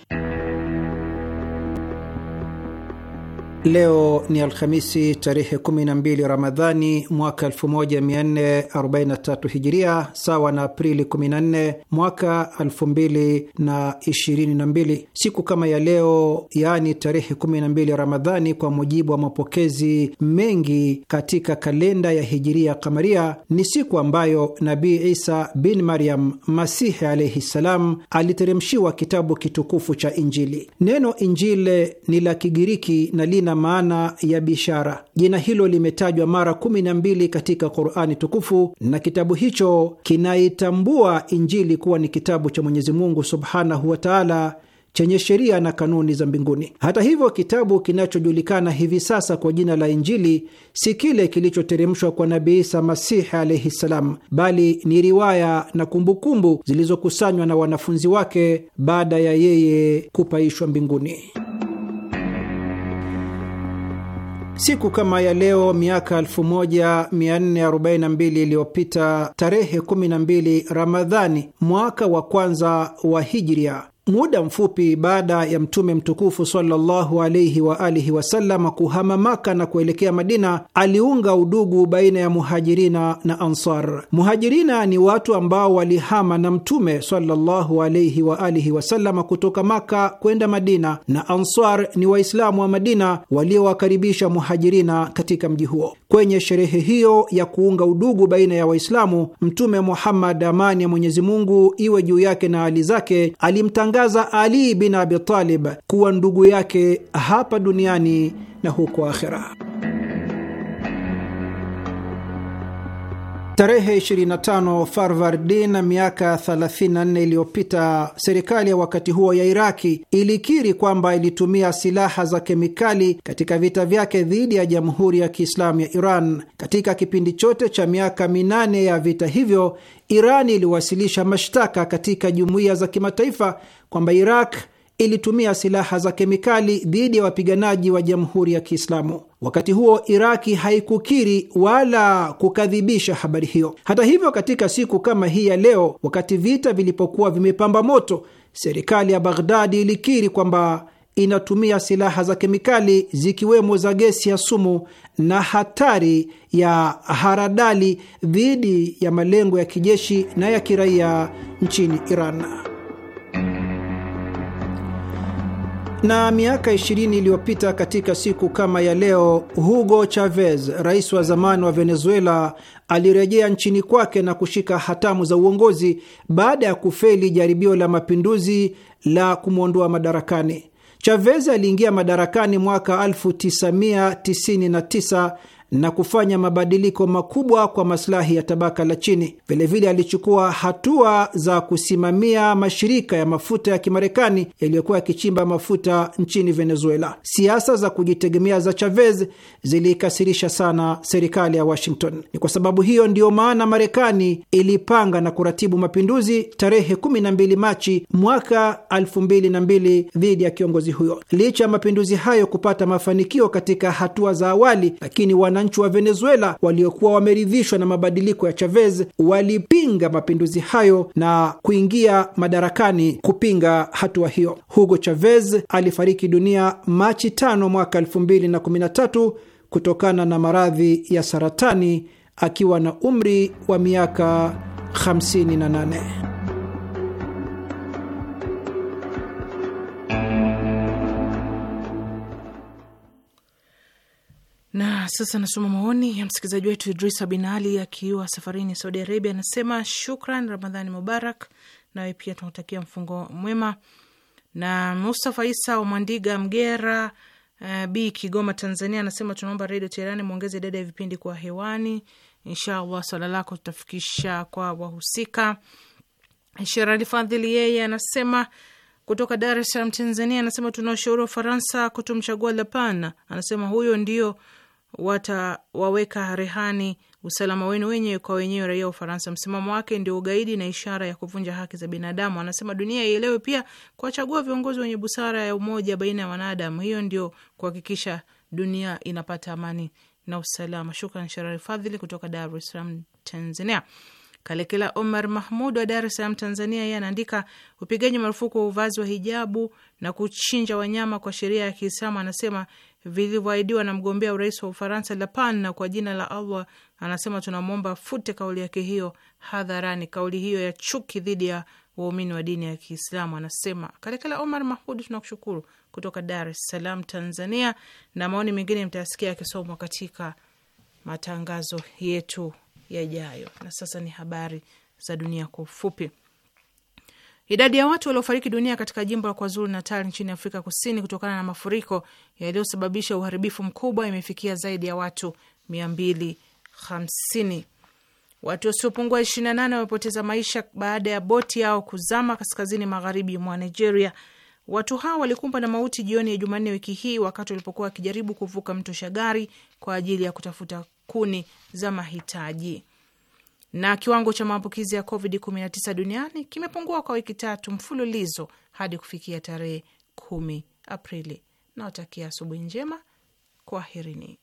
Leo ni Alhamisi tarehe 12 Ramadhani mwaka 1443 Hijiria, sawa na Aprili 14 mwaka 2022. Siku kama ya leo, yaani tarehe 12 Ramadhani, kwa mujibu wa mapokezi mengi katika kalenda ya Hijiria Kamaria, ni siku ambayo Nabii Isa bin Maryam Masihi alaihi ssalam aliteremshiwa kitabu kitukufu cha Injili. Neno Injili ni la Kigiriki na lina lina maana ya bishara. Jina hilo limetajwa mara kumi na mbili katika Qurani tukufu na kitabu hicho kinaitambua Injili kuwa ni kitabu cha Mwenyezi Mungu subhanahu wataala chenye sheria na kanuni za mbinguni. Hata hivyo, kitabu kinachojulikana hivi sasa kwa jina la Injili si kile kilichoteremshwa kwa Nabii Isa Masihi alaihi ssalam, bali ni riwaya na kumbukumbu zilizokusanywa na wanafunzi wake baada ya yeye kupaishwa mbinguni. Siku kama ya leo miaka 1442 iliyopita, tarehe 12 Ramadhani mwaka wa kwanza wa Hijria, Muda mfupi baada ya Mtume mtukufu sallallahu alaihi wa alihi wasallam kuhama Maka na kuelekea Madina, aliunga udugu baina ya Muhajirina na Ansar. Muhajirina ni watu ambao walihama na Mtume sallallahu alaihi wa alihi wasallam kutoka Maka kwenda Madina, na Ansar ni Waislamu wa Madina waliowakaribisha Muhajirina katika mji huo. Kwenye sherehe hiyo ya kuunga udugu baina ya Waislamu, Mtume Muhammad, amani ya Mwenyezi Mungu iwe juu yake na hali zake, alimtanga kumtangaza Ali bin Abi Talib kuwa ndugu yake hapa duniani na huko akhera. Tarehe 25 Farvardin, miaka 34 iliyopita, serikali ya wakati huo ya Iraki ilikiri kwamba ilitumia silaha za kemikali katika vita vyake dhidi ya Jamhuri ya Kiislamu ya Iran. Katika kipindi chote cha miaka minane ya vita hivyo, Iran iliwasilisha mashtaka katika jumuiya za kimataifa kwamba Iraq ilitumia silaha za kemikali dhidi ya wapiganaji wa jamhuri ya Kiislamu. Wakati huo Iraki haikukiri wala kukadhibisha habari hiyo. Hata hivyo, katika siku kama hii ya leo, wakati vita vilipokuwa vimepamba moto, serikali ya Baghdadi ilikiri kwamba inatumia silaha za kemikali zikiwemo za gesi ya sumu na hatari ya haradali dhidi ya malengo ya kijeshi na ya kiraia nchini Iran. Na miaka 20 iliyopita katika siku kama ya leo, Hugo Chavez, rais wa zamani wa Venezuela, alirejea nchini kwake na kushika hatamu za uongozi baada ya kufeli jaribio la mapinduzi la kumwondoa madarakani. Chavez aliingia madarakani mwaka 1999 na kufanya mabadiliko makubwa kwa masilahi ya tabaka la chini. Vilevile alichukua hatua za kusimamia mashirika ya mafuta ya Kimarekani yaliyokuwa yakichimba mafuta nchini Venezuela. Siasa za kujitegemea za Chavez ziliikasirisha sana serikali ya Washington. Ni kwa sababu hiyo ndiyo maana Marekani ilipanga na kuratibu mapinduzi tarehe 12 Machi mwaka 2002 dhidi ya kiongozi huyo. Licha ya mapinduzi hayo kupata mafanikio katika hatua za awali, lakini wana wananchi wa Venezuela waliokuwa wameridhishwa na mabadiliko ya Chavez walipinga mapinduzi hayo na kuingia madarakani kupinga hatua hiyo. Hugo Chavez alifariki dunia Machi 5 mwaka 2013 kutokana na maradhi ya saratani akiwa na umri wa miaka 58. Na sasa nasoma maoni ya msikilizaji wetu Idrisa bin Ali akiwa safarini Saudi Arabia, anasema shukran, Ramadhani Mubarak. Nawe pia tunakutakia mfungo mwema. Na Mustafa Isa Mwandiga Mgera uh, B Kigoma, Tanzania, anasema tunaomba Redio Teherani mwongeze idadi ya vipindi kwa hewani. Inshallah swala lako tutafikisha kwa wahusika. Sherali Fadhili yeye anasema kutoka Dar es Salaam, Tanzania, anasema tunaushauri wa Faransa kutomchagua Lapana. Anasema huyo ndio watawaweka rehani usalama wenu wenyewe kwa wenyewe, raia wa Ufaransa. Msimamo wake ndio ugaidi na ishara ya kuvunja haki za binadamu. Anasema dunia ielewe pia kuwachagua viongozi wenye busara ya umoja baina ya wanadamu. Hiyo ndio kuhakikisha dunia inapata amani na usalama. Shukran Sharari Fadhili kutoka Dar es Salaam, Tanzania. Kalekela Omar Mahmud wa Dar es Salaam, Tanzania, yeye anaandika upigaji marufuku wa uvazi wa hijabu na kuchinja wanyama kwa sheria ya Kiislamu, anasema vilivyoahidiwa na mgombea urais wa Ufaransa Lapan, na kwa jina la Allah anasema tunamwomba afute kauli yake hiyo hadharani, kauli hiyo ya chuki dhidi ya waumini wa dini ya Kiislamu. Anasema Kalekela Omar Mahmud, tunakushukuru kutoka Dar es Salaam, Tanzania, na maoni mengine mtayasikia yakisomwa katika matangazo yetu yajayo. Na sasa ni habari za dunia kwa ufupi. Idadi ya watu waliofariki dunia katika jimbo la KwaZulu Natal nchini Afrika Kusini kutokana na mafuriko yaliyosababisha uharibifu mkubwa imefikia zaidi ya watu 250. Watu wasiopungua 28 wamepoteza maisha baada ya boti yao kuzama kaskazini magharibi mwa Nigeria. Watu hao walikumbwa na mauti jioni ya Jumanne wiki hii wakati walipokuwa wakijaribu kuvuka mto Shagari kwa ajili ya kutafuta kuni za mahitaji na kiwango cha maambukizi ya COVID-19 duniani kimepungua kwa wiki tatu mfululizo hadi kufikia tarehe 10 Aprili. Nawatakia asubuhi njema, kwaherini.